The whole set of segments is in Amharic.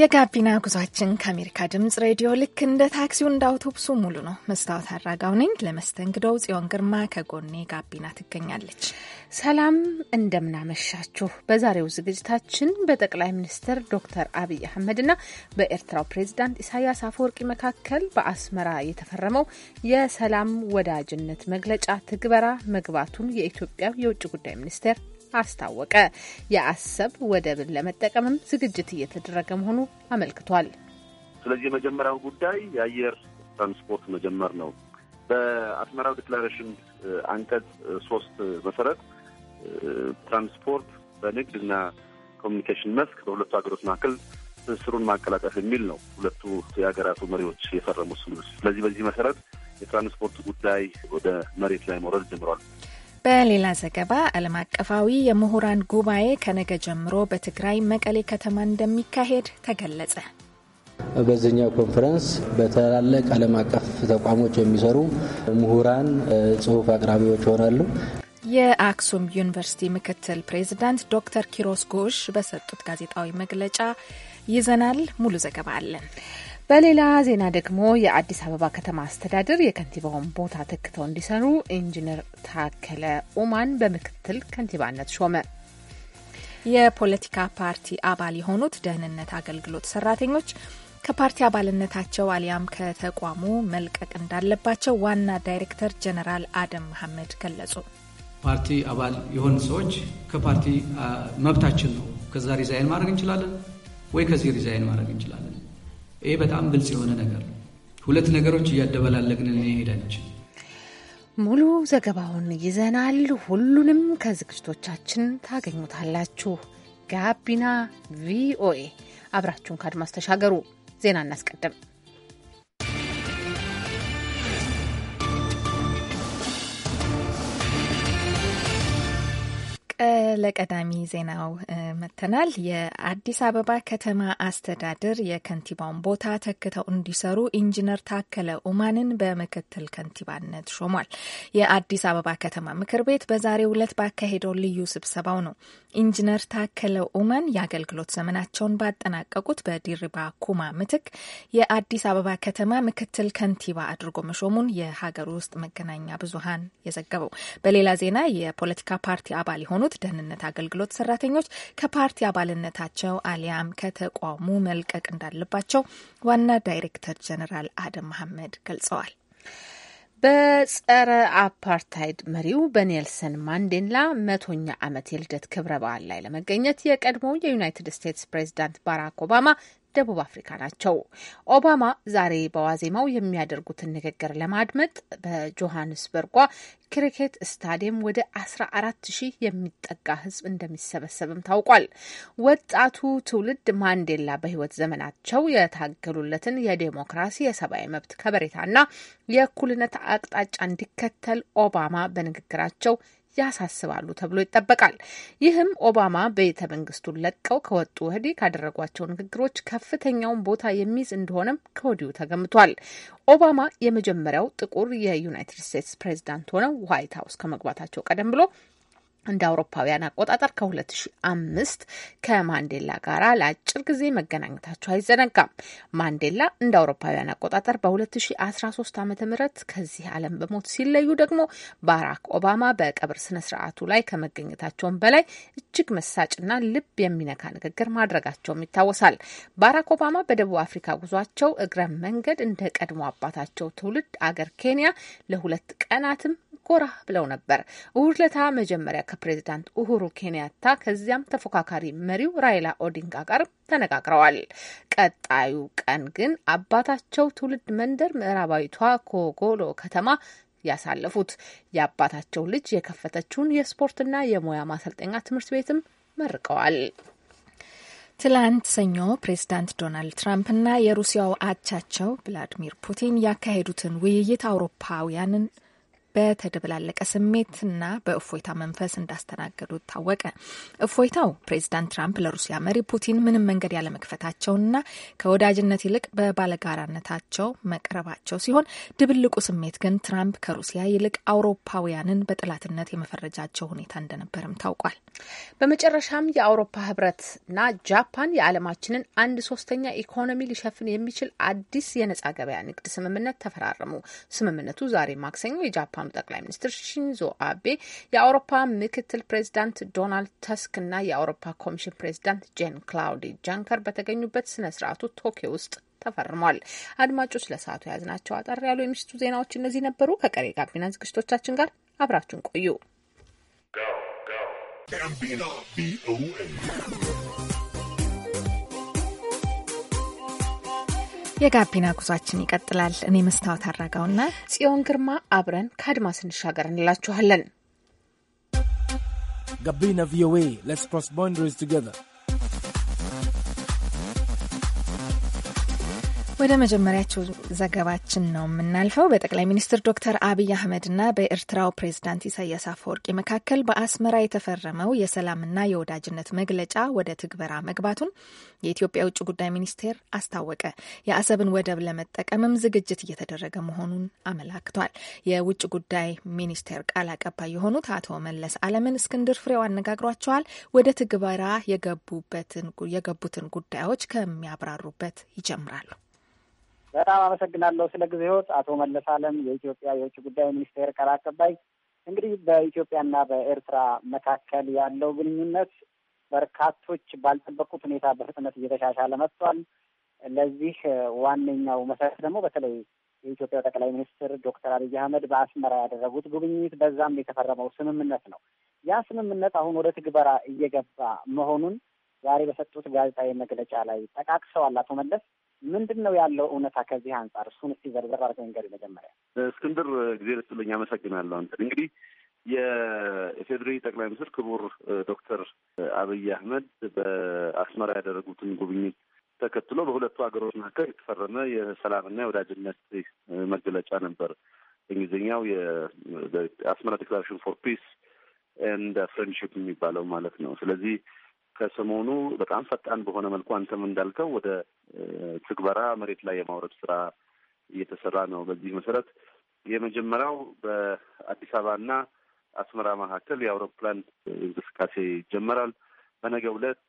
የጋቢና ጉዟችን ከአሜሪካ ድምጽ ሬዲዮ ልክ እንደ ታክሲው እንደ አውቶቡሱ ሙሉ ነው። መስታወት አድራጋው ነኝ። ለመስተንግዶው ጽዮን ግርማ ከጎኔ ጋቢና ትገኛለች። ሰላም እንደምናመሻችሁ። በዛሬው ዝግጅታችን በጠቅላይ ሚኒስትር ዶክተር አብይ አህመድና በኤርትራው ፕሬዚዳንት ኢሳያስ አፈወርቂ መካከል በአስመራ የተፈረመው የሰላም ወዳጅነት መግለጫ ትግበራ መግባቱን የኢትዮጵያ የውጭ ጉዳይ ሚኒስቴር አስታወቀ። የአሰብ ወደብን ለመጠቀምም ዝግጅት እየተደረገ መሆኑ አመልክቷል። ስለዚህ የመጀመሪያው ጉዳይ የአየር ትራንስፖርት መጀመር ነው። በአስመራው ዲክላሬሽን አንቀጽ ሶስት መሰረት ትራንስፖርት በንግድና ኮሚኒኬሽን መስክ በሁለቱ ሀገሮች መካከል ትስስሩን ማቀላጠፍ የሚል ነው። ሁለቱ የሀገራቱ መሪዎች የፈረሙት። ስለዚህ በዚህ መሰረት የትራንስፖርት ጉዳይ ወደ መሬት ላይ መውረድ ጀምሯል። በሌላ ዘገባ ዓለም አቀፋዊ የምሁራን ጉባኤ ከነገ ጀምሮ በትግራይ መቀሌ ከተማ እንደሚካሄድ ተገለጸ። በዚህኛው ኮንፈረንስ በትላልቅ ዓለም አቀፍ ተቋሞች የሚሰሩ ምሁራን፣ ጽሁፍ አቅራቢዎች ይሆናሉ። የአክሱም ዩኒቨርሲቲ ምክትል ፕሬዚዳንት ዶክተር ኪሮስ ጎሽ በሰጡት ጋዜጣዊ መግለጫ ይዘናል። ሙሉ ዘገባ አለን። በሌላ ዜና ደግሞ የአዲስ አበባ ከተማ አስተዳደር የከንቲባውን ቦታ ተክተው እንዲሰሩ ኢንጂነር ታከለ ኡማን በምክትል ከንቲባነት ሾመ። የፖለቲካ ፓርቲ አባል የሆኑት ደህንነት አገልግሎት ሰራተኞች ከፓርቲ አባልነታቸው አሊያም ከተቋሙ መልቀቅ እንዳለባቸው ዋና ዳይሬክተር ጀነራል አደም መሐመድ ገለጹ። ፓርቲ አባል የሆኑ ሰዎች ከፓርቲ መብታችን ነው። ከዛ ሪዛይን ማድረግ እንችላለን ወይ ከዚህ ሪዛይን ማድረግ እንችላለን ይሄ በጣም ግልጽ የሆነ ነገር ነው። ሁለት ነገሮች እያደበላለግን ሄዳንች። ሙሉ ዘገባውን ይዘናል። ሁሉንም ከዝግጅቶቻችን ታገኙታላችሁ። ጋቢና ቪኦኤ አብራችሁን ከአድማስ ተሻገሩ። ዜና እናስቀድም። ለቀዳሚ ዜናው መጥተናል። የአዲስ አበባ ከተማ አስተዳደር የከንቲባውን ቦታ ተክተው እንዲሰሩ ኢንጂነር ታከለ ኡማንን በምክትል ከንቲባነት ሾሟል። የአዲስ አበባ ከተማ ምክር ቤት በዛሬው ዕለት ባካሄደው ልዩ ስብሰባው ነው ኢንጂነር ታከለ ኡማን የአገልግሎት ዘመናቸውን ባጠናቀቁት በዲሪባ ኩማ ምትክ የአዲስ አበባ ከተማ ምክትል ከንቲባ አድርጎ መሾሙን የሀገር ውስጥ መገናኛ ብዙሃን የዘገበው። በሌላ ዜና የፖለቲካ ፓርቲ አባል የሆኑት አገልግሎት ደህንነት አገልግሎት ሰራተኞች ከፓርቲ አባልነታቸው አሊያም ከተቋሙ መልቀቅ እንዳለባቸው ዋና ዳይሬክተር ጀነራል አደም መሐመድ ገልጸዋል። በጸረ አፓርታይድ መሪው በኔልሰን ማንዴላ መቶኛ ዓመት የልደት ክብረ በዓል ላይ ለመገኘት የቀድሞው የዩናይትድ ስቴትስ ፕሬዚዳንት ባራክ ኦባማ ደቡብ አፍሪካ ናቸው። ኦባማ ዛሬ በዋዜማው የሚያደርጉትን ንግግር ለማድመጥ በጆሃንስበርጓ ክሪኬት ስታዲየም ወደ 14 ሺህ የሚጠጋ ሕዝብ እንደሚሰበሰብም ታውቋል። ወጣቱ ትውልድ ማንዴላ በህይወት ዘመናቸው የታገሉለትን የዴሞክራሲ የሰብአዊ መብት ከበሬታና የእኩልነት አቅጣጫ እንዲከተል ኦባማ በንግግራቸው ያሳስባሉ ተብሎ ይጠበቃል። ይህም ኦባማ ቤተ መንግስቱን ለቀው ከወጡ ወዲህ ካደረጓቸው ንግግሮች ከፍተኛውን ቦታ የሚይዝ እንደሆነም ከወዲሁ ተገምቷል። ኦባማ የመጀመሪያው ጥቁር የዩናይትድ ስቴትስ ፕሬዚዳንት ሆነው ዋይት ሀውስ ከመግባታቸው ቀደም ብሎ እንደ አውሮፓውያን አቆጣጠር ከ2005 ከማንዴላ ጋር ለአጭር ጊዜ መገናኘታቸው አይዘነጋም። ማንዴላ እንደ አውሮፓውያን አቆጣጠር በ2013 ዓ ም ከዚህ ዓለም በሞት ሲለዩ ደግሞ ባራክ ኦባማ በቀብር ስነ ስርዓቱ ላይ ከመገኘታቸውም በላይ እጅግ መሳጭና ልብ የሚነካ ንግግር ማድረጋቸውም ይታወሳል። ባራክ ኦባማ በደቡብ አፍሪካ ጉዟቸው እግረ መንገድ እንደ ቀድሞ አባታቸው ትውልድ አገር ኬንያ ለሁለት ቀናትም ጎራ ብለው ነበር። እሁድ ለታ መጀመሪያ ፕሬዚዳንት ኡሁሩ ኬንያታ ከዚያም ተፎካካሪ መሪው ራይላ ኦዲንጋ ጋር ተነጋግረዋል። ቀጣዩ ቀን ግን አባታቸው ትውልድ መንደር ምዕራባዊቷ ኮጎሎ ከተማ ያሳለፉት የአባታቸው ልጅ የከፈተችውን የስፖርትና የሙያ ማሰልጠኛ ትምህርት ቤትም መርቀዋል። ትላንት ሰኞ ፕሬዚዳንት ዶናልድ ትራምፕና የሩሲያው አቻቸው ቭላዲሚር ፑቲን ያካሄዱትን ውይይት አውሮፓውያንን በተደበላለቀ ስሜትና በእፎይታ መንፈስ እንዳስተናገዱ ታወቀ። እፎይታው ፕሬዚዳንት ትራምፕ ለሩሲያ መሪ ፑቲን ምንም መንገድ ያለመክፈታቸውና ከወዳጅነት ይልቅ በባለጋራነታቸው መቅረባቸው ሲሆን ድብልቁ ስሜት ግን ትራምፕ ከሩሲያ ይልቅ አውሮፓውያንን በጠላትነት የመፈረጃቸው ሁኔታ እንደነበርም ታውቋል። በመጨረሻም የአውሮፓ ህብረትና ጃፓን የዓለማችንን አንድ ሶስተኛ ኢኮኖሚ ሊሸፍን የሚችል አዲስ የነጻ ገበያ ንግድ ስምምነት ተፈራረሙ። ስምምነቱ ዛሬ ማክሰኞ የጃፓን የጃፓኑ ጠቅላይ ሚኒስትር ሺንዞ አቤ፣ የአውሮፓ ምክትል ፕሬዚዳንት ዶናልድ ተስክ እና የአውሮፓ ኮሚሽን ፕሬዚዳንት ጄን ክላውዲ ጃንከር በተገኙበት ስነ ስርአቱ ቶኪዮ ውስጥ ተፈርሟል። አድማጮች ለሰዓቱ የያዝናቸው አጠር ያሉ የምሽቱ ዜናዎች እነዚህ ነበሩ። ከቀሪ ጋቢና ዝግጅቶቻችን ጋር አብራችሁን ቆዩ። የጋቢና ጉዟችን ይቀጥላል። እኔ መስታወት አራጋውና ጽዮን ግርማ አብረን ከአድማስ እንሻገር እንላችኋለን። ጋቢና ቪኦኤ ሌትስ ክሮስ ባውንደሪስ ቱጌዘር ወደ መጀመሪያቸው ዘገባችን ነው የምናልፈው። በጠቅላይ ሚኒስትር ዶክተር አብይ አህመድና በኤርትራው ፕሬዝዳንት ኢሳያስ አፈወርቂ መካከል በአስመራ የተፈረመው የሰላምና የወዳጅነት መግለጫ ወደ ትግበራ መግባቱን የኢትዮጵያ ውጭ ጉዳይ ሚኒስቴር አስታወቀ። የአሰብን ወደብ ለመጠቀምም ዝግጅት እየተደረገ መሆኑን አመላክቷል። የውጭ ጉዳይ ሚኒስቴር ቃል አቀባይ የሆኑት አቶ መለስ አለምን እስክንድር ፍሬው አነጋግሯቸዋል። ወደ ትግበራ የገቡትን ጉዳዮች ከሚያብራሩበት ይጀምራሉ። በጣም አመሰግናለሁ ስለ ጊዜዎት አቶ መለስ አለም፣ የኢትዮጵያ የውጭ ጉዳይ ሚኒስቴር ቃል አቀባይ። እንግዲህ በኢትዮጵያና በኤርትራ መካከል ያለው ግንኙነት በርካቶች ባልጠበቁት ሁኔታ በፍጥነት እየተሻሻለ መጥቷል። ለዚህ ዋነኛው መሰረት ደግሞ በተለይ የኢትዮጵያ ጠቅላይ ሚኒስትር ዶክተር አብይ አህመድ በአስመራ ያደረጉት ጉብኝት፣ በዛም የተፈረመው ስምምነት ነው። ያ ስምምነት አሁን ወደ ትግበራ እየገባ መሆኑን ዛሬ በሰጡት ጋዜጣዊ መግለጫ ላይ ጠቃቅሰዋል አቶ መለስ። ምንድን ነው ያለው እውነታ ከዚህ አንጻር? እሱን እስቲ ዘርዘር አድርገህ ንገረኝ መጀመሪያ። እስክንድር ጊዜ ልስጥልኝ፣ አመሰግናለሁ። አንተ እንግዲህ የኢፌዴሪ ጠቅላይ ሚኒስትር ክቡር ዶክተር አብይ አህመድ በአስመራ ያደረጉትን ጉብኝት ተከትሎ በሁለቱ ሀገሮች መካከል የተፈረመ የሰላምና የወዳጅነት መገለጫ ነበር። በእንግሊዝኛው የአስመራ ዲክላሬሽን ፎር ፒስ ኤንድ ፍሬንድሽፕ የሚባለው ማለት ነው። ስለዚህ ከሰሞኑ በጣም ፈጣን በሆነ መልኩ አንተም እንዳልከው ወደ ትግበራ መሬት ላይ የማውረድ ስራ እየተሰራ ነው። በዚህ መሰረት የመጀመሪያው በአዲስ አበባና አስመራ መካከል የአውሮፕላን እንቅስቃሴ ይጀመራል። በነገ ዕለት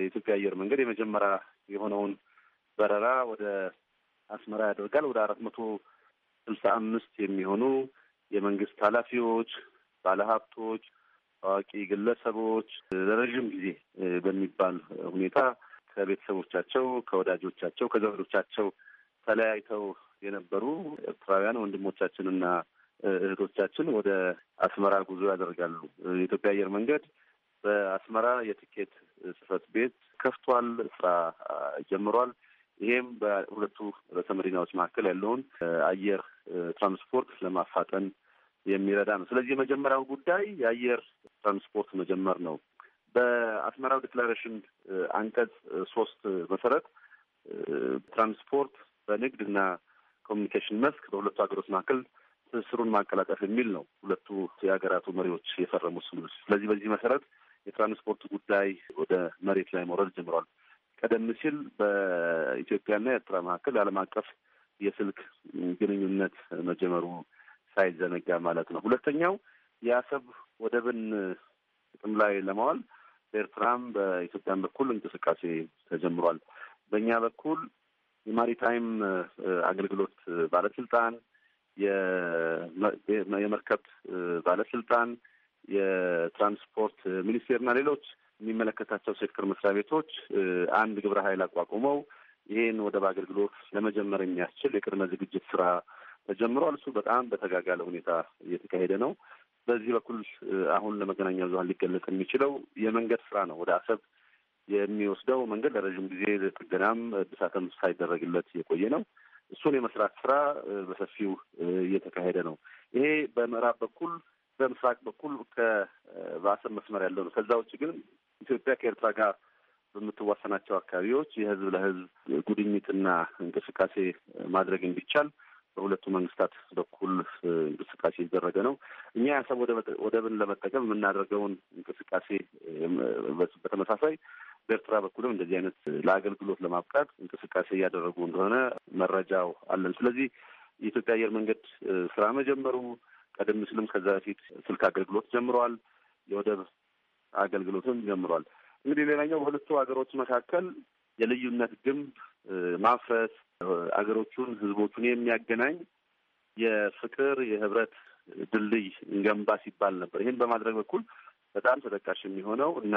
የኢትዮጵያ አየር መንገድ የመጀመሪያ የሆነውን በረራ ወደ አስመራ ያደርጋል። ወደ አራት መቶ ስልሳ አምስት የሚሆኑ የመንግስት ኃላፊዎች፣ ባለሀብቶች ታዋቂ ግለሰቦች ለረዥም ጊዜ በሚባል ሁኔታ ከቤተሰቦቻቸው፣ ከወዳጆቻቸው፣ ከዘመዶቻቸው ተለያይተው የነበሩ ኤርትራውያን ወንድሞቻችንና እህቶቻችን ወደ አስመራ ጉዞ ያደርጋሉ። የኢትዮጵያ አየር መንገድ በአስመራ የትኬት ጽህፈት ቤት ከፍቷል፣ ስራ ጀምሯል። ይሄም በሁለቱ ርዕሰ መዲናዎች መካከል ያለውን አየር ትራንስፖርት ለማፋጠን የሚረዳ ነው። ስለዚህ የመጀመሪያው ጉዳይ የአየር ትራንስፖርት መጀመር ነው። በአስመራው ዲክላሬሽን አንቀጽ ሶስት መሰረት ትራንስፖርት በንግድና ኮሚኒኬሽን መስክ በሁለቱ ሀገሮች መካከል ትስስሩን ማቀላጠፍ የሚል ነው። ሁለቱ የሀገራቱ መሪዎች የፈረሙ ስምምነት። ስለዚህ በዚህ መሰረት የትራንስፖርት ጉዳይ ወደ መሬት ላይ መውረድ ጀምሯል። ቀደም ሲል በኢትዮጵያና ኤርትራ መካከል ዓለም አቀፍ የስልክ ግንኙነት መጀመሩ ሳይዘነጋ ማለት ነው። ሁለተኛው የአሰብ ወደብን ጥቅም ላይ ለማዋል በኤርትራም በኢትዮጵያም በኩል እንቅስቃሴ ተጀምሯል። በእኛ በኩል የማሪታይም አገልግሎት ባለስልጣን፣ የመርከብ ባለስልጣን፣ የትራንስፖርት ሚኒስቴርና ሌሎች የሚመለከታቸው ሴክተር መስሪያ ቤቶች አንድ ግብረ ኃይል አቋቁመው ይህን ወደብ አገልግሎት ለመጀመር የሚያስችል የቅድመ ዝግጅት ስራ ተጀምሯል። እሱ በጣም በተጋጋለ ሁኔታ እየተካሄደ ነው። በዚህ በኩል አሁን ለመገናኛ ብዙኃን ሊገለጽ የሚችለው የመንገድ ስራ ነው። ወደ አሰብ የሚወስደው መንገድ ለረዥም ጊዜ ጥገናም እድሳትም ሳይደረግለት የቆየ ነው። እሱን የመስራት ስራ በሰፊው እየተካሄደ ነው። ይሄ በምዕራብ በኩል በምስራቅ በኩል በአሰብ መስመር ያለው ነው። ከዛ ውጭ ግን ኢትዮጵያ ከኤርትራ ጋር በምትዋሰናቸው አካባቢዎች የህዝብ ለህዝብ ጉድኝትና እንቅስቃሴ ማድረግ እንዲቻል በሁለቱ መንግስታት በኩል እንቅስቃሴ እየተደረገ ነው። እኛ የአሰብ ወደብን ለመጠቀም የምናደርገውን እንቅስቃሴ በተመሳሳይ በኤርትራ በኩልም እንደዚህ አይነት ለአገልግሎት ለማብቃት እንቅስቃሴ እያደረጉ እንደሆነ መረጃው አለን። ስለዚህ የኢትዮጵያ አየር መንገድ ስራ መጀመሩ ቀደም ሲልም ከዛ በፊት ስልክ አገልግሎት ጀምረዋል። የወደብ አገልግሎትም ጀምሯል። እንግዲህ ሌላኛው በሁለቱ ሀገሮች መካከል የልዩነት ግንብ ማፍረስ አገሮቹን ህዝቦቹን የሚያገናኝ የፍቅር የህብረት ድልድይ እንገንባ ሲባል ነበር። ይህን በማድረግ በኩል በጣም ተጠቃሽ የሚሆነው እና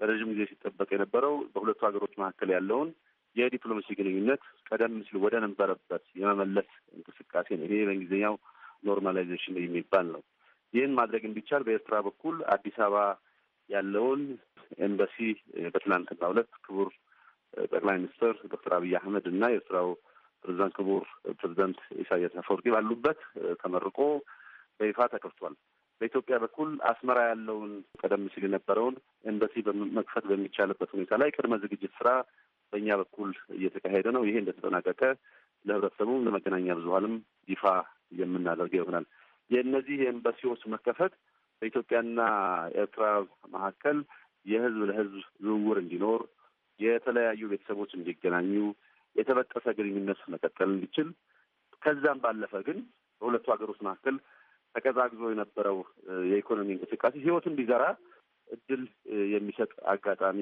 ለረዥም ጊዜ ሲጠበቅ የነበረው በሁለቱ ሀገሮች መካከል ያለውን የዲፕሎማሲ ግንኙነት ቀደም ሲል ወደ ነበረበት የመመለስ እንቅስቃሴ ነው። ይሄ በእንግሊዝኛው ኖርማላይዜሽን የሚባል ነው። ይህን ማድረግ እንዲቻል በኤርትራ በኩል አዲስ አበባ ያለውን ኤምባሲ በትናንትና ሁለት ክቡር ጠቅላይ ሚኒስትር ዶክተር አብይ አህመድ እና የኤርትራው ፕሬዚዳንት ክቡር ፕሬዚዳንት ኢሳያስ አፈወርቂ ባሉበት ተመርቆ በይፋ ተከፍቷል። በኢትዮጵያ በኩል አስመራ ያለውን ቀደም ሲል የነበረውን ኤምባሲ መክፈት በሚቻልበት ሁኔታ ላይ ቅድመ ዝግጅት ስራ በእኛ በኩል እየተካሄደ ነው። ይሄ እንደተጠናቀቀ ለህብረተሰቡም ለመገናኛ ብዙሀንም ይፋ የምናደርገው ይሆናል። የእነዚህ የኤምባሲዎች መከፈት በኢትዮጵያና ኤርትራ መካከል የህዝብ ለህዝብ ዝውውር እንዲኖር የተለያዩ ቤተሰቦች እንዲገናኙ የተበጠሰ ግንኙነት መቀጠል እንዲችል ከዛም ባለፈ ግን በሁለቱ ሀገሮች መካከል ተቀዛግዞ የነበረው የኢኮኖሚ እንቅስቃሴ ህይወት እንዲዘራ እድል የሚሰጥ አጋጣሚ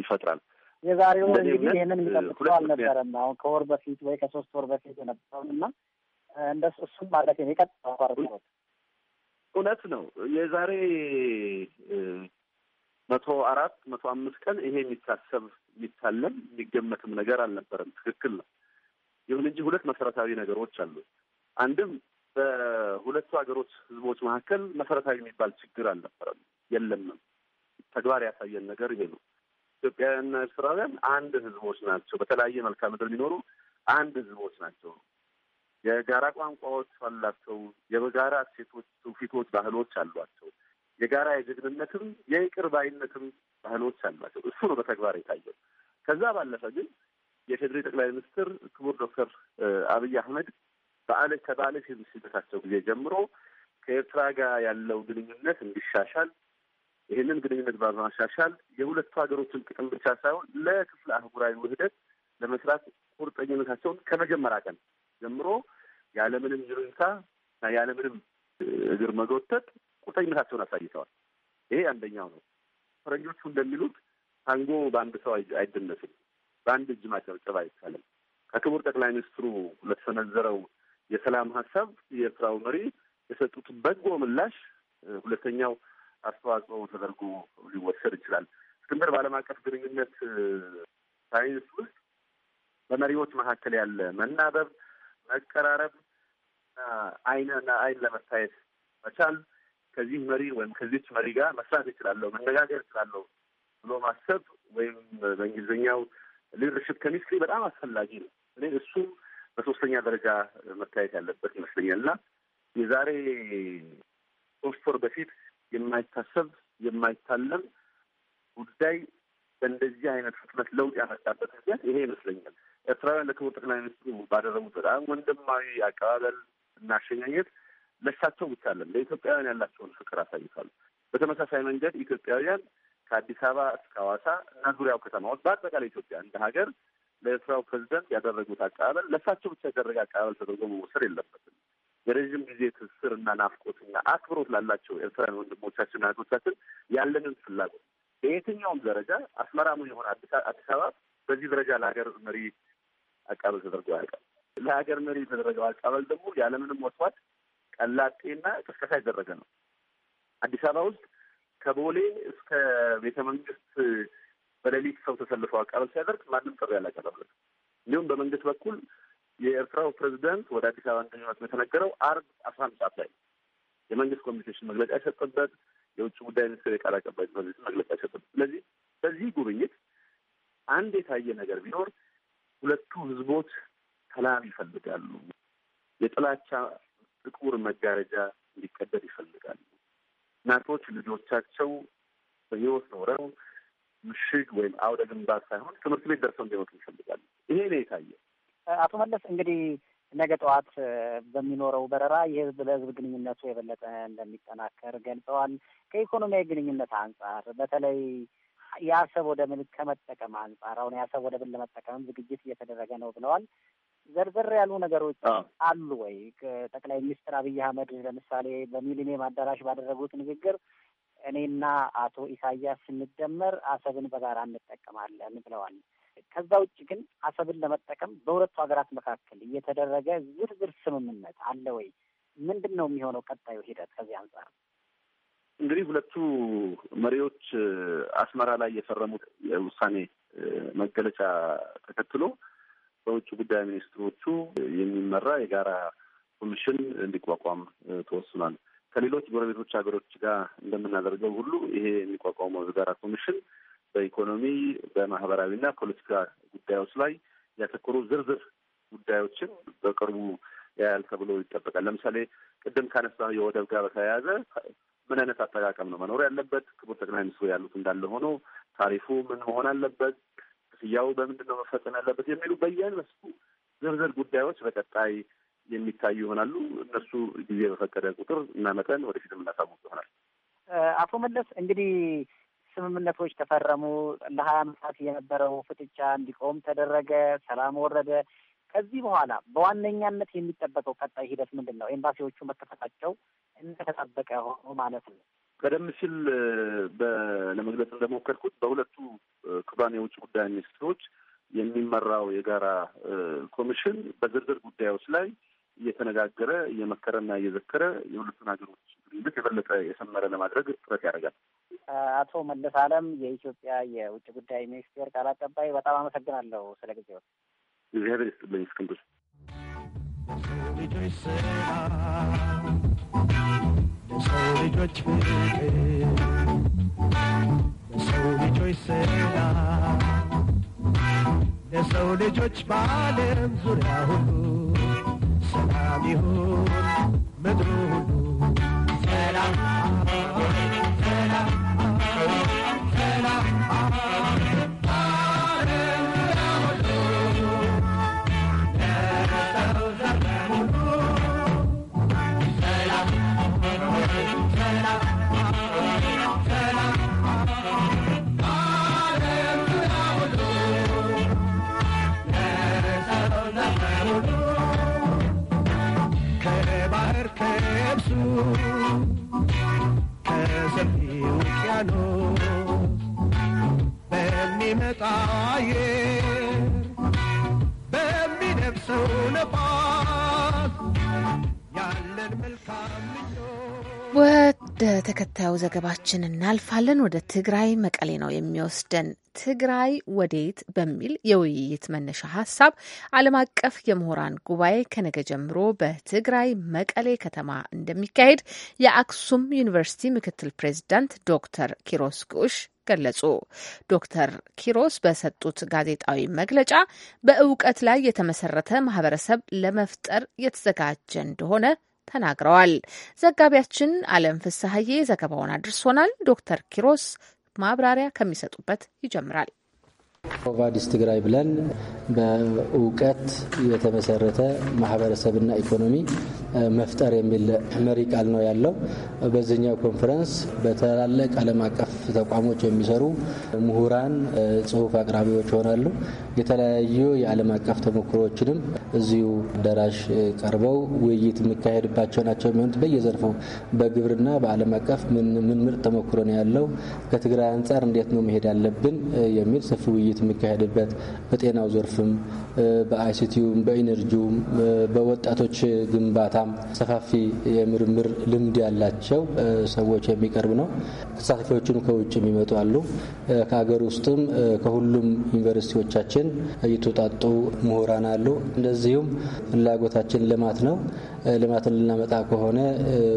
ይፈጥራል። የዛሬው እንግዲህ ይህንን የሚጠብቀው አልነበረም። አሁን ከወር በፊት ወይ ከሶስት ወር በፊት የነበረው እና እንደ እሱም ማለት የሚቀጥ እውነት ነው። የዛሬ መቶ አራት መቶ አምስት ቀን ይሄ የሚታሰብ የሚታለም የሚገመትም ነገር አልነበረም። ትክክል ነው። ይሁን እንጂ ሁለት መሰረታዊ ነገሮች አሉ። አንድም በሁለቱ ሀገሮች ህዝቦች መካከል መሰረታዊ የሚባል ችግር አልነበረም፣ የለምም። ተግባር ያሳየን ነገር ይሄ ነው። ኢትዮጵያውያንና ኤርትራውያን አንድ ህዝቦች ናቸው። በተለያየ መልክዓ ምድር የሚኖሩ አንድ ህዝቦች ናቸው። የጋራ ቋንቋዎች አላቸው። የጋራ እሴቶች፣ ትውፊቶች፣ ባህሎች አሏቸው። የጋራ የጀግንነትም የይቅር ባይነትም ባህሎች አሏቸው። እሱ ነው በተግባር የታየው። ከዛ ባለፈ ግን የፌዴሪ ጠቅላይ ሚኒስትር ክቡር ዶክተር አብይ አህመድ በአለ ከበአለ ሲመታቸው ጊዜ ጀምሮ ከኤርትራ ጋር ያለው ግንኙነት እንዲሻሻል ይህንን ግንኙነት በማሻሻል የሁለቱ ሀገሮችን ጥቅም ብቻ ሳይሆን ለክፍለ አህጉራዊ ውህደት ለመስራት ቁርጠኝነታቸውን ከመጀመሪያ ቀን ጀምሮ ያለምንም ይሉኝታ እና ያለምንም እግር መጎተት ቁርጠኝነታቸውን አሳይተዋል። ይሄ አንደኛው ነው። ፈረንጆቹ እንደሚሉት ታንጎ በአንድ ሰው አይደነስም፣ በአንድ እጅ ማጨብጨብ አይቻልም። ከክቡር ጠቅላይ ሚኒስትሩ ለተሰነዘረው የሰላም ሀሳብ የኤርትራው መሪ የሰጡት በጎ ምላሽ ሁለተኛው አስተዋጽኦ ተደርጎ ሊወሰድ ይችላል። እስክንድር በዓለም አቀፍ ግንኙነት ሳይንስ ውስጥ በመሪዎች መካከል ያለ መናበብ፣ መቀራረብ፣ አይን ለመታየት መቻል ከዚህ መሪ ወይም ከዚች መሪ ጋር መስራት እችላለሁ፣ መነጋገር እችላለሁ ብሎ ማሰብ ወይም በእንግሊዝኛው ሊደርሽፕ ከሚስትሪ በጣም አስፈላጊ ነው። እኔ እሱ በሶስተኛ ደረጃ መታየት ያለበት ይመስለኛል እና የዛሬ ሶስት ወር በፊት የማይታሰብ የማይታለም ጉዳይ በእንደዚህ አይነት ፍጥነት ለውጥ ያመጣበት ምክንያት ይሄ ይመስለኛል። ኤርትራውያን ለክቡር ጠቅላይ ሚኒስትሩ ባደረጉት በጣም ወንድማዊ አቀባበል እና አሸኛኘት ለሳቸው ብቻ አለን ለኢትዮጵያውያን ያላቸውን ፍቅር አሳይቷል። በተመሳሳይ መንገድ ኢትዮጵያውያን ከአዲስ አበባ እስከ ሐዋሳ እና ዙሪያው ከተማዎች በአጠቃላይ ኢትዮጵያ እንደ ሀገር ለኤርትራው ፕሬዚደንት ያደረጉት አቀባበል ለእሳቸው ብቻ ያደረገ አቀባበል ተደርጎ መወሰድ የለበትም። የረዥም ጊዜ ትስስር እና ናፍቆትና አክብሮት ላላቸው ወንድሞቻችን ወንድሞቻችንና እህቶቻችን ያለንን ፍላጎት በየትኛውም ደረጃ አስመራሙ የሆነ አዲስ አበባ በዚህ ደረጃ ለሀገር መሪ አቀባበል ተደርጎ ያውቃል። ለሀገር መሪ የተደረገው አቀባበል ደግሞ ያለምንም ወስዋት ቀላጤና ቅስቀሳ ያደረገ ነው። አዲስ አበባ ውስጥ ከቦሌ እስከ ቤተ መንግስት በሌሊት ሰው ተሰልፎ አቀባበል ሲያደርግ ማንም ጥሪ ያላቀረበለት። እንዲሁም በመንግስት በኩል የኤርትራው ፕሬዚደንት ወደ አዲስ አበባ እንደሚመጡ የተነገረው አርብ አስራ አንድ ሰዓት ላይ የመንግስት ኮሚኒኬሽን መግለጫ የሰጠበት፣ የውጭ ጉዳይ ሚኒስትር የቃል አቀባይ መግለጫ የሰጠበት። ስለዚህ በዚህ ጉብኝት አንድ የታየ ነገር ቢኖር ሁለቱ ህዝቦች ሰላም ይፈልጋሉ። የጥላቻ ጥቁር መጋረጃ እንዲቀደድ ይፈልጋሉ። እናቶች ልጆቻቸው በህይወት ኖረው ምሽግ ወይም አውደ ግንባር ሳይሆን ትምህርት ቤት ደርሰው እንዲመጡ ይፈልጋሉ። ይሄ ነው የታየ። አቶ መለስ እንግዲህ ነገ ጠዋት በሚኖረው በረራ የህዝብ ለህዝብ ግንኙነቱ የበለጠ እንደሚጠናከር ገልጸዋል። ከኢኮኖሚያዊ ግንኙነት አንጻር በተለይ የአሰብ ወደብን ከመጠቀም አንጻር አሁን የአሰብ ወደብን ለመጠቀምም ዝግጅት እየተደረገ ነው ብለዋል። ዘርዘር ያሉ ነገሮች አሉ ወይ? ጠቅላይ ሚኒስትር አብይ አህመድ ለምሳሌ በሚሊኒየም አዳራሽ ባደረጉት ንግግር እኔና አቶ ኢሳያስ ስንደመር አሰብን በጋራ እንጠቀማለን ብለዋል። ከዛ ውጭ ግን አሰብን ለመጠቀም በሁለቱ ሀገራት መካከል እየተደረገ ዝርዝር ስምምነት አለ ወይ? ምንድን ነው የሚሆነው ቀጣዩ ሂደት? ከዚህ አንጻር እንግዲህ ሁለቱ መሪዎች አስመራ ላይ የፈረሙት የውሳኔ መገለጫ ተከትሎ በውጭ ጉዳይ ሚኒስትሮቹ የሚመራ የጋራ ኮሚሽን እንዲቋቋም ተወስኗል። ከሌሎች ጎረቤቶች ሀገሮች ጋር እንደምናደርገው ሁሉ ይሄ የሚቋቋመው የጋራ ኮሚሽን በኢኮኖሚ በማህበራዊና ፖለቲካ ጉዳዮች ላይ ያተኮሩ ዝርዝር ጉዳዮችን በቅርቡ ያያል ተብሎ ይጠበቃል። ለምሳሌ ቅድም ካነሳ የወደብ ጋር በተያያዘ ምን አይነት አጠቃቀም ነው መኖር ያለበት? ክቡር ጠቅላይ ሚኒስትሩ ያሉት እንዳለ ሆኖ ታሪፉ ምን መሆን አለበት? ክፍያው በምንድን ነው መፈጸም ያለበት የሚሉ በየመስኩ ዝርዝር ጉዳዮች በቀጣይ የሚታዩ ይሆናሉ። እነሱ ጊዜ በፈቀደ ቁጥር እና መጠን ወደፊት የምናሳውቅ ይሆናል። አቶ መለስ እንግዲህ ስምምነቶች ተፈረሙ። ለሀያ ዓመታት የነበረው ፍጥጫ እንዲቆም ተደረገ። ሰላም ወረደ። ከዚህ በኋላ በዋነኛነት የሚጠበቀው ቀጣይ ሂደት ምንድን ነው? ኤምባሲዎቹ መከፈታቸው እንደተጠበቀ ሆኖ ማለት ነው። ቀደም ሲል ለመግለጽ እንደሞከርኩት በሁለቱ ክቡራን የውጭ ጉዳይ ሚኒስትሮች የሚመራው የጋራ ኮሚሽን በዝርዝር ጉዳዮች ላይ እየተነጋገረ እየመከረና እየዘከረ የሁለቱን ሀገሮች ግንኙነት የበለጠ የሰመረ ለማድረግ ጥረት ያደርጋል። አቶ መለስ አለም የኢትዮጵያ የውጭ ጉዳይ ሚኒስቴር ቃል አቀባይ፣ በጣም አመሰግናለሁ ስለ ጊዜው። እግዚአብሔር ይስጥልኝ እስክንድር። ለሰው ልጆች በዓለም ዙሪያ ሁሉ ሰላም ይሁን ምድሩ ሁሉ ሰላም አየር በሚነፍሰው ነፋስ ያለን መልካም ወደ ተከታዩ ዘገባችን እናልፋለን። ወደ ትግራይ መቀሌ ነው የሚወስደን። ትግራይ ወዴት በሚል የውይይት መነሻ ሀሳብ ዓለም አቀፍ የምሁራን ጉባኤ ከነገ ጀምሮ በትግራይ መቀሌ ከተማ እንደሚካሄድ የአክሱም ዩኒቨርሲቲ ምክትል ፕሬዚዳንት ዶክተር ኪሮስ ጉሽ ገለጹ። ዶክተር ኪሮስ በሰጡት ጋዜጣዊ መግለጫ በእውቀት ላይ የተመሰረተ ማህበረሰብ ለመፍጠር የተዘጋጀ እንደሆነ ተናግረዋል። ዘጋቢያችን አለም ፍስሐዬ ዘገባውን አድርሶናል። ዶክተር ኪሮስ ማብራሪያ ከሚሰጡበት ይጀምራል። ኦቫዲስ ትግራይ ብለን በእውቀት የተመሰረተ ማህበረሰብና ኢኮኖሚ መፍጠር የሚል መሪ ቃል ነው ያለው። በዚህኛው ኮንፈረንስ በትላልቅ ዓለም አቀፍ ተቋሞች የሚሰሩ ምሁራን፣ ጽሁፍ አቅራቢዎች ይሆናሉ። የተለያዩ የዓለም አቀፍ ተሞክሮዎችንም እዚሁ አዳራሽ ቀርበው ውይይት የሚካሄድባቸው ናቸው የሚሆኑት። በየዘርፉ በግብርና በዓለም አቀፍ ምን ምርጥ ተሞክሮ ነው ያለው፣ ከትግራይ አንጻር እንዴት ነው መሄድ ያለብን የሚል ሰፊ ውይይት የሚካሄድበት በጤናው ዘርፍም በአይሲቲውም በኢነርጂውም በወጣቶች ግንባታ በጣም ሰፋፊ የምርምር ልምድ ያላቸው ሰዎች የሚቀርብ ነው። ተሳታፊዎቹም ከውጭ የሚመጡ አሉ። ከሀገር ውስጥም ከሁሉም ዩኒቨርሲቲዎቻችን እየተወጣጡ ምሁራን አሉ። እንደዚሁም ፍላጎታችን ልማት ነው። ልማትን ልናመጣ ከሆነ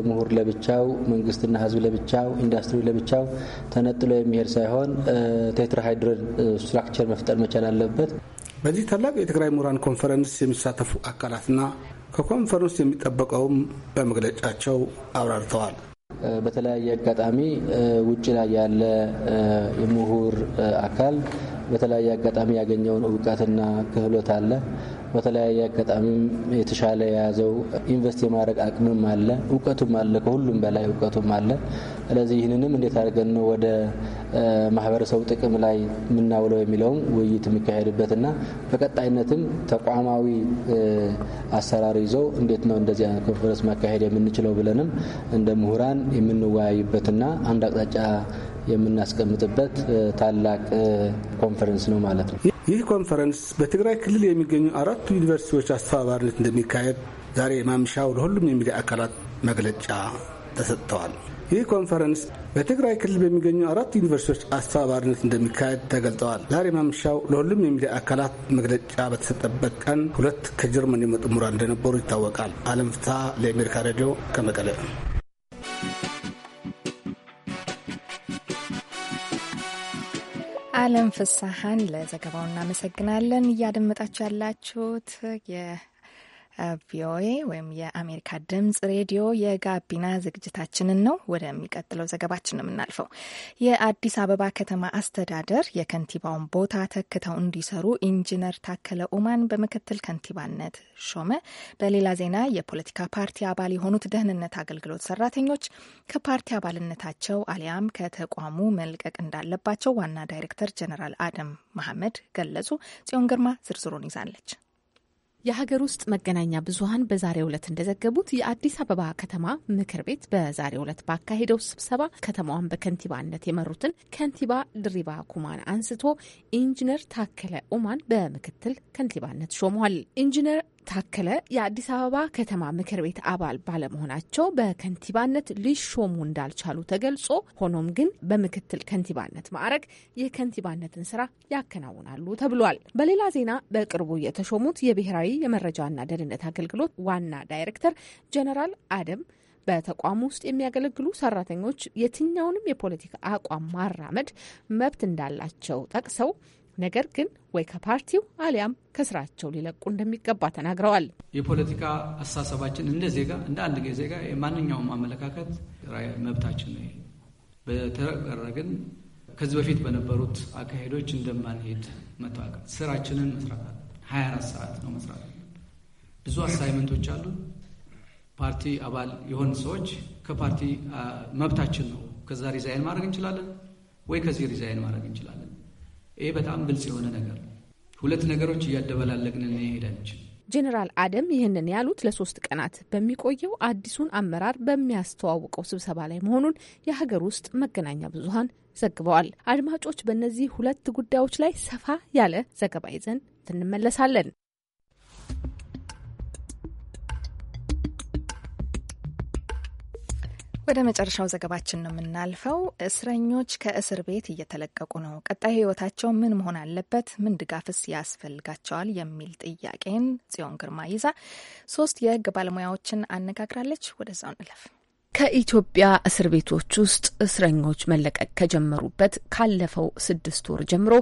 ምሁር ለብቻው፣ መንግስትና ህዝብ ለብቻው፣ ኢንዱስትሪ ለብቻው ተነጥሎ የሚሄድ ሳይሆን ቴትራሃይድሮን ስትራክቸር መፍጠር መቻል አለበት። በዚህ ታላቅ የትግራይ ምሁራን ኮንፈረንስ የሚሳተፉ አካላትና ከኮንፈረንስ የሚጠበቀውም በመግለጫቸው አብራርተዋል። በተለያየ አጋጣሚ ውጭ ላይ ያለ የምሁር አካል በተለያየ አጋጣሚ ያገኘውን እውቀትና ክህሎት አለ። በተለያየ አጋጣሚም የተሻለ የያዘው ኢንቨስት የማድረግ አቅምም አለ፣ እውቀቱም አለ። ከሁሉም በላይ እውቀቱም አለ። ስለዚህ ይህንንም እንዴት አድርገን ነው ወደ ማህበረሰቡ ጥቅም ላይ የምናውለው የሚለውም ውይይት የሚካሄድበትና በቀጣይነትም ተቋማዊ አሰራር ይዘው እንዴት ነው እንደዚህ አይነት ኮንፈረንስ ማካሄድ የምንችለው ብለንም እንደ ምሁራን የምንወያይበትና አንድ አቅጣጫ የምናስቀምጥበት ታላቅ ኮንፈረንስ ነው ማለት ነው። ይህ ኮንፈረንስ በትግራይ ክልል የሚገኙ አራቱ ዩኒቨርሲቲዎች አስተባባሪነት እንደሚካሄድ ዛሬ ማምሻው ለሁሉም የሚዲያ አካላት መግለጫ ተሰጥተዋል። ይህ ኮንፈረንስ በትግራይ ክልል በሚገኙ አራት ዩኒቨርሲቲዎች አስተባባሪነት እንደሚካሄድ ተገልጠዋል ዛሬ ማምሻው ለሁሉም የሚዲያ አካላት መግለጫ በተሰጠበት ቀን ሁለት ከጀርመን የመጡ ምሁራን እንደነበሩ ይታወቃል። አለም ፍትሀ ለአሜሪካ ሬዲዮ ከመቀለ አለም ፍሳሐን ለዘገባው እናመሰግናለን። እያደመጣችሁ ያላችሁት ቪኦኤ ወይም የአሜሪካ ድምጽ ሬዲዮ የጋቢና ዝግጅታችንን ነው። ወደሚቀጥለው ዘገባችን የምናልፈው የአዲስ አበባ ከተማ አስተዳደር የከንቲባውን ቦታ ተክተው እንዲሰሩ ኢንጂነር ታከለ ኡማን በምክትል ከንቲባነት ሾመ። በሌላ ዜና የፖለቲካ ፓርቲ አባል የሆኑት ደህንነት አገልግሎት ሰራተኞች ከፓርቲ አባልነታቸው አሊያም ከተቋሙ መልቀቅ እንዳለባቸው ዋና ዳይሬክተር ጀነራል አደም መሐመድ ገለጹ። ጽዮን ግርማ ዝርዝሩን ይዛለች። የሀገር ውስጥ መገናኛ ብዙኃን በዛሬው ዕለት እንደዘገቡት የአዲስ አበባ ከተማ ምክር ቤት በዛሬው ዕለት ባካሄደው ስብሰባ ከተማዋን በከንቲባነት የመሩትን ከንቲባ ድሪባ ኩማን አንስቶ ኢንጂነር ታከለ ኡማን በምክትል ከንቲባነት ሾመዋል። ኢንጂነር ታከለ የአዲስ አበባ ከተማ ምክር ቤት አባል ባለመሆናቸው በከንቲባነት ሊሾሙ እንዳልቻሉ ተገልጾ፣ ሆኖም ግን በምክትል ከንቲባነት ማዕረግ የከንቲባነትን ስራ ያከናውናሉ ተብሏል። በሌላ ዜና በቅርቡ የተሾሙት የብሔራዊ የመረጃና ደህንነት አገልግሎት ዋና ዳይሬክተር ጀነራል አደም በተቋሙ ውስጥ የሚያገለግሉ ሰራተኞች የትኛውንም የፖለቲካ አቋም ማራመድ መብት እንዳላቸው ጠቅሰው ነገር ግን ወይ ከፓርቲው አሊያም ከስራቸው ሊለቁ እንደሚገባ ተናግረዋል። የፖለቲካ አስተሳሰባችን እንደ ዜጋ እንደ አንድ ዜጋ የማንኛውም አመለካከት መብታችን ነው። በተቀረ ግን ከዚህ በፊት በነበሩት አካሄዶች እንደማንሄድ መተዋቀል፣ ስራችንን መስራት አለ። ሀያ አራት ሰዓት ነው መስራት። ብዙ አሳይመንቶች አሉ። ፓርቲ አባል የሆን ሰዎች ከፓርቲ መብታችን ነው። ከዛ ሪዛይን ማድረግ እንችላለን ወይ ከዚህ ሪዛይን ማድረግ እንችላለን ይሄ በጣም ግልጽ የሆነ ነገር ሁለት ነገሮች እያደበላለግን ሄዳች ጄኔራል አደም ይህንን ያሉት ለሶስት ቀናት በሚቆየው አዲሱን አመራር በሚያስተዋውቀው ስብሰባ ላይ መሆኑን የሀገር ውስጥ መገናኛ ብዙኃን ዘግበዋል። አድማጮች፣ በእነዚህ ሁለት ጉዳዮች ላይ ሰፋ ያለ ዘገባ ይዘን እንመለሳለን። ወደ መጨረሻው ዘገባችን ነው የምናልፈው። እስረኞች ከእስር ቤት እየተለቀቁ ነው። ቀጣይ ህይወታቸው ምን መሆን አለበት? ምን ድጋፍስ ያስፈልጋቸዋል? የሚል ጥያቄን ጽዮን ግርማ ይዛ ሶስት የህግ ባለሙያዎችን አነጋግራለች። ወደዛው እንለፍ። ከኢትዮጵያ እስር ቤቶች ውስጥ እስረኞች መለቀቅ ከጀመሩበት ካለፈው ስድስት ወር ጀምሮ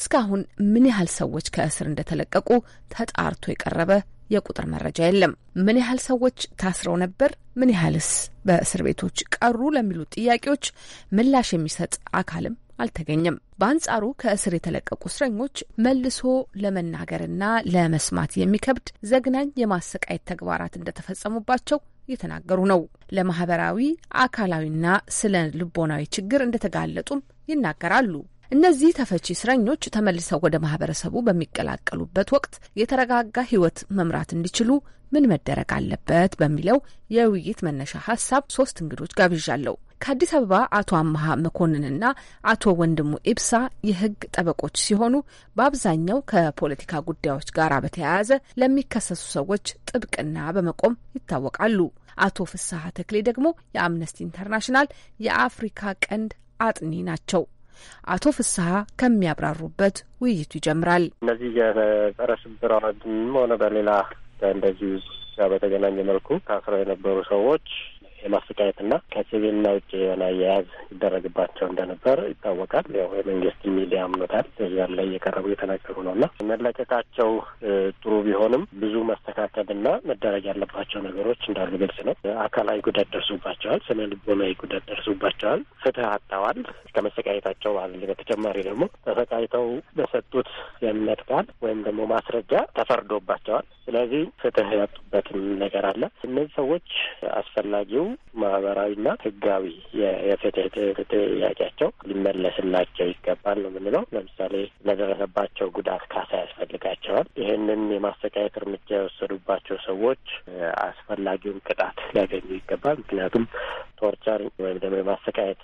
እስካሁን ምን ያህል ሰዎች ከእስር እንደተለቀቁ ተጣርቶ የቀረበ የቁጥር መረጃ የለም። ምን ያህል ሰዎች ታስረው ነበር፣ ምን ያህልስ በእስር ቤቶች ቀሩ ለሚሉ ጥያቄዎች ምላሽ የሚሰጥ አካልም አልተገኘም። በአንጻሩ ከእስር የተለቀቁ እስረኞች መልሶ ለመናገርና ለመስማት የሚከብድ ዘግናኝ የማሰቃየት ተግባራት እንደተፈጸሙባቸው እየተናገሩ ነው። ለማህበራዊ አካላዊና ስነ ልቦናዊ ችግር እንደተጋለጡም ይናገራሉ። እነዚህ ተፈቺ እስረኞች ተመልሰው ወደ ማህበረሰቡ በሚቀላቀሉበት ወቅት የተረጋጋ ህይወት መምራት እንዲችሉ ምን መደረግ አለበት በሚለው የውይይት መነሻ ሀሳብ ሶስት እንግዶች ጋብዣለሁ። ከአዲስ አበባ አቶ አመሀ መኮንንና አቶ ወንድሙ ኢብሳ የህግ ጠበቆች ሲሆኑ በአብዛኛው ከፖለቲካ ጉዳዮች ጋር በተያያዘ ለሚከሰሱ ሰዎች ጥብቅና በመቆም ይታወቃሉ። አቶ ፍስሐ ተክሌ ደግሞ የአምነስቲ ኢንተርናሽናል የአፍሪካ ቀንድ አጥኒ ናቸው። አቶ ፍስሀ ከሚያብራሩበት ውይይቱ ይጀምራል። እነዚህ የጸረ ሽብር አዋጅም ሆነ በሌላ እንደዚህ ብቻ በተገናኘ መልኩ ታስረው የነበሩ ሰዎች የማሰቃየትና ከስብዕና ውጭ የሆነ አያያዝ ይደረግባቸው እንደነበር ይታወቃል። ያው የመንግስት ሚዲያ አምኖታል። እዚያን ላይ እየቀረቡ የተናገሩ ነው እና መለቀቃቸው ጥሩ ቢሆንም ብዙ መስተካከልና መደረግ ያለባቸው ነገሮች እንዳሉ ግልጽ ነው። አካላዊ ጉዳት ደርሱባቸዋል። ስነ ልቦናዊ ጉዳት ደርሱባቸዋል ፍትህ አጥተዋል። ከመሰቃየታቸው ባል በተጨማሪ ደግሞ ተሰቃይተው በሰጡት የእምነት ቃል ወይም ደግሞ ማስረጃ ተፈርዶባቸዋል። ስለዚህ ፍትህ ያጡበትም ነገር አለ። እነዚህ ሰዎች አስፈላጊው ማህበራዊና ህጋዊ የፍትህ ጥያቄያቸው ሊመለስላቸው ይገባል ነው የምንለው። ለምሳሌ ለደረሰባቸው ጉዳት ካሳ ያስፈልጋቸዋል። ይህንን የማሰቃየት እርምጃ የወሰዱባቸው ሰዎች አስፈላጊውን ቅጣት ሊያገኙ ይገባል። ምክንያቱም ቶርቸር ወይም ደግሞ የማሰቃየት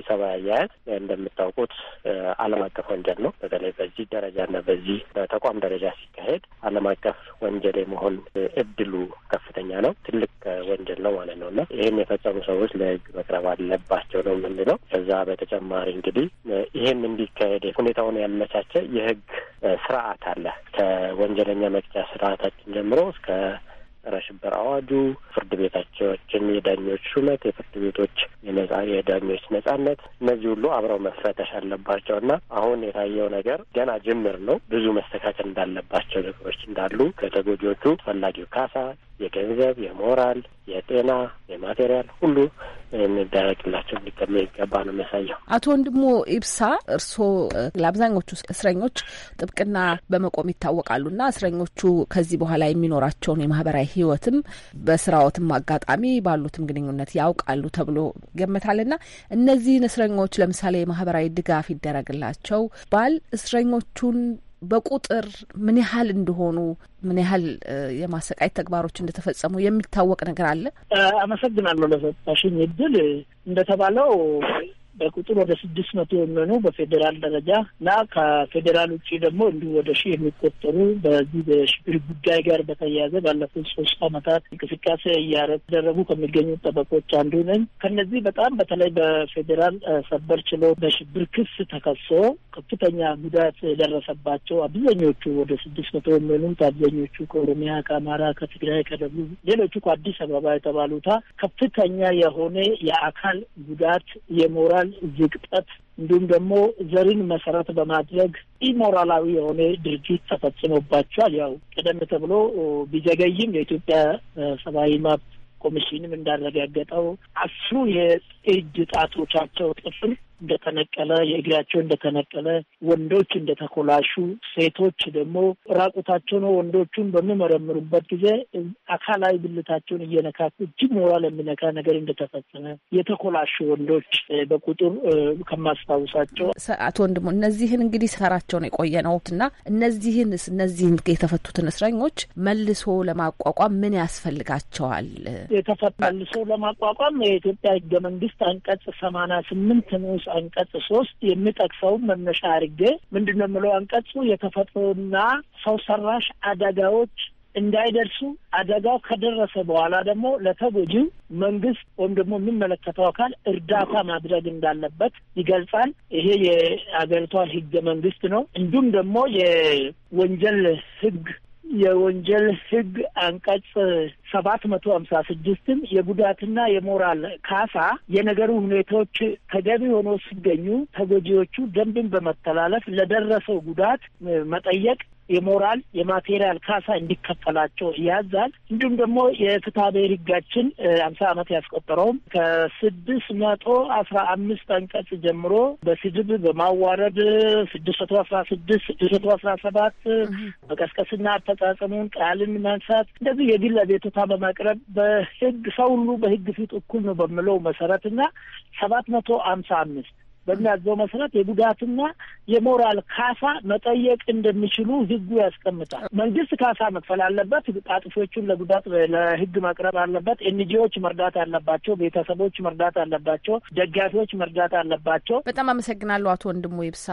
ኢሰብአዊ አያያዝ እንደምታውቁት ዓለም አቀፍ ወንጀል ነው። በተለይ በዚህ ደረጃና በዚህ በተቋም ደረጃ ሲካሄድ ዓለም አቀፍ ወንጀል የመሆን እድሉ ከፍተኛ ነው። ትልቅ ወንጀል ነው ማለት ነው እና ይህም የፈጸሙ ሰዎች ለህግ መቅረብ አለባቸው ነው የምንለው። ከዛ በተጨማሪ እንግዲህ ይህም እንዲካሄድ ሁኔታውን ያመቻቸ የህግ ስርዓት አለ። ከወንጀለኛ መቅጫ ስርዓታችን ጀምሮ እስከ ጸረ ሽብር አዋጁ፣ ፍርድ ቤታችን፣ የዳኞች ሹመት፣ የፍርድ ቤቶች የነጻ የዳኞች ነጻነት፣ እነዚህ ሁሉ አብረው መፈተሽ አለባቸው እና አሁን የታየው ነገር ገና ጅምር ነው። ብዙ መስተካከል እንዳለባቸው ነገሮች እንዳሉ ከተጎጂዎቹ ፈላጊው ካሳ የገንዘብ፣ የሞራል፣ የጤና፣ የማቴሪያል ሁሉ የሚደረግላቸው ይገባ ነው የሚያሳየው። አቶ ወንድሙ ኢብሳ እርስዎ ለአብዛኞቹ እስረኞች ጥብቅና በመቆም ይታወቃሉና እስረኞቹ ከዚህ በኋላ የሚኖራቸውን የማህበራዊ ህይወትም በስራዎትም አጋጣሚ ባሉትም ግንኙነት ያውቃሉ ተብሎ ይገመታልና እነዚህን እስረኞች ለምሳሌ የማህበራዊ ድጋፍ ይደረግላቸው ባል እስረኞቹን በቁጥር ምን ያህል እንደሆኑ ምን ያህል የማሰቃየት ተግባሮች እንደተፈጸሙ የሚታወቅ ነገር አለ? አመሰግናለሁ ለሰጣሽኝ እድል። እንደተባለው በቁጥር ወደ ስድስት መቶ የሚሆኑ በፌዴራል ደረጃ እና ከፌዴራል ውጭ ደግሞ እንዲሁ ወደ ሺህ የሚቆጠሩ በዚህ በሽብር ጉዳይ ጋር በተያያዘ ባለፉት ሶስት አመታት እንቅስቃሴ እያደረጉ ከሚገኙ ጠበቆች አንዱ ነኝ። ከነዚህ በጣም በተለይ በፌዴራል ሰበር ችሎት በሽብር ክስ ተከሶ ከፍተኛ ጉዳት የደረሰባቸው አብዛኞቹ ወደ ስድስት መቶ የሚሆኑት አብዛኞቹ ከኦሮሚያ፣ ከአማራ፣ ከትግራይ፣ ከደቡብ ሌሎቹ ከአዲስ አበባ የተባሉታ ከፍተኛ የሆነ የአካል ጉዳት የሞራል መግደል፣ ዝቅጠት እንዲሁም ደግሞ ዘርን መሰረት በማድረግ ኢሞራላዊ የሆነ ድርጊት ተፈጽሞባቸዋል። ያው ቀደም ተብሎ ቢዘገይም የኢትዮጵያ ሰብአዊ መብት ኮሚሽንም እንዳረጋገጠው አስሩ የእጅ ጣቶቻቸው ጥፍር እንደተነቀለ፣ የእግራቸው እንደተነቀለ፣ ወንዶች እንደተኮላሹ፣ ሴቶች ደግሞ ራቁታቸው ነው ወንዶቹን በሚመረምሩበት ጊዜ አካላዊ ብልታቸውን እየነካኩ እጅግ ሞራል የሚነካ ነገር እንደተፈጸመ የተኮላሹ ወንዶች በቁጥር ከማስታውሳቸው አቶ ወንድሞ እነዚህን እንግዲህ ሰራቸው ነው የቆየ ነው እና እነዚህን እነዚህን የተፈቱትን እስረኞች መልሶ ለማቋቋም ምን ያስፈልጋቸዋል? መልሶ ለማቋቋም የኢትዮጵያ ህገ መንግስት አንቀጽ ሰማንያ ስምንት ነው አንቀጽ ሶስት የሚጠቅሰው መነሻ አድርጌ ምንድን ነው የምለው አንቀጹ የተፈጥሮና ሰው ሰራሽ አደጋዎች እንዳይደርሱ አደጋው ከደረሰ በኋላ ደግሞ ለተጎጂው መንግስት ወይም ደግሞ የሚመለከተው አካል እርዳታ ማድረግ እንዳለበት ይገልጻል። ይሄ የአገሪቷን ህገ መንግስት ነው። እንዲሁም ደግሞ የወንጀል ህግ የወንጀል ህግ አንቀጽ ሰባት መቶ ሀምሳ ስድስትም የጉዳትና የሞራል ካሳ የነገሩ ሁኔታዎች ተገቢ ሆኖ ሲገኙ ተጎጂዎቹ ደንብን በመተላለፍ ለደረሰው ጉዳት መጠየቅ የሞራል የማቴሪያል ካሳ እንዲከፈላቸው ያዛል። እንዲሁም ደግሞ የፍትሐ ብሔር ህጋችን አምሳ ዓመት ያስቆጠረውም ከስድስት መቶ አስራ አምስት አንቀጽ ጀምሮ በስድብ በማዋረድ ስድስት መቶ አስራ ስድስት ስድስት መቶ አስራ ሰባት መቀስቀስና አፈጻጸሙን ቃልን መንሳት እንደዚህ የግል አቤቱታ በማቅረብ በህግ ሰው ሁሉ በህግ ፊት እኩል ነው በምለው መሰረትና ሰባት መቶ አምሳ አምስት በሚያዘው መሰረት የጉዳትና የሞራል ካሳ መጠየቅ እንደሚችሉ ህጉ ያስቀምጣል። መንግስት ካሳ መክፈል አለበት። ጣጥፎቹን ለጉዳት ለህግ መቅረብ አለበት። ኤንጂዎች መርዳት አለባቸው። ቤተሰቦች መርዳት አለባቸው። ደጋፊዎች መርዳት አለባቸው። በጣም አመሰግናለሁ አቶ ወንድሙ ይብሳ።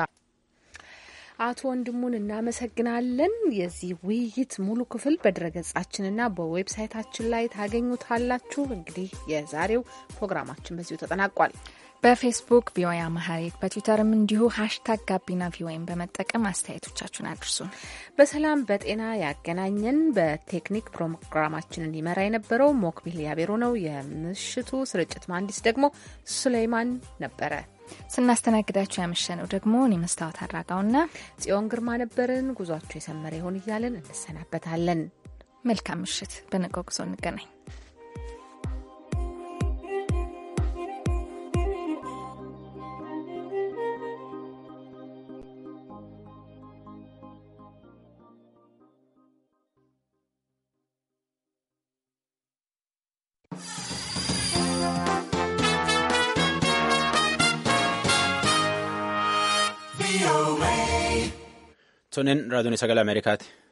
አቶ ወንድሙን እናመሰግናለን። የዚህ ውይይት ሙሉ ክፍል በድረገጻችንና በዌብሳይታችን ላይ ታገኙታላችሁ። እንግዲህ የዛሬው ፕሮግራማችን በዚሁ ተጠናቋል። በፌስቡክ ቪኦኤ አማሃሪክ በትዊተርም እንዲሁ ሀሽታግ ጋቢና ቪኦኤም በመጠቀም አስተያየቶቻችሁን አድርሱን። በሰላም በጤና ያገናኘን። በቴክኒክ ፕሮግራማችንን ይመራ የነበረው ሞክቢል ያቤሮ ነው። የምሽቱ ስርጭት መሀንዲስ ደግሞ ሱሌይማን ነበረ። ስናስተናግዳችሁ ያመሸነው ደግሞ እኔ መስታወት አድራጋውና ጽዮን ግርማ ነበርን። ጉዟችሁ የሰመረ ይሆን እያለን እንሰናበታለን። መልካም ምሽት። በነገው ጉዞ እንገናኝ። tunin raadiyoon sagalee Ameerikaati.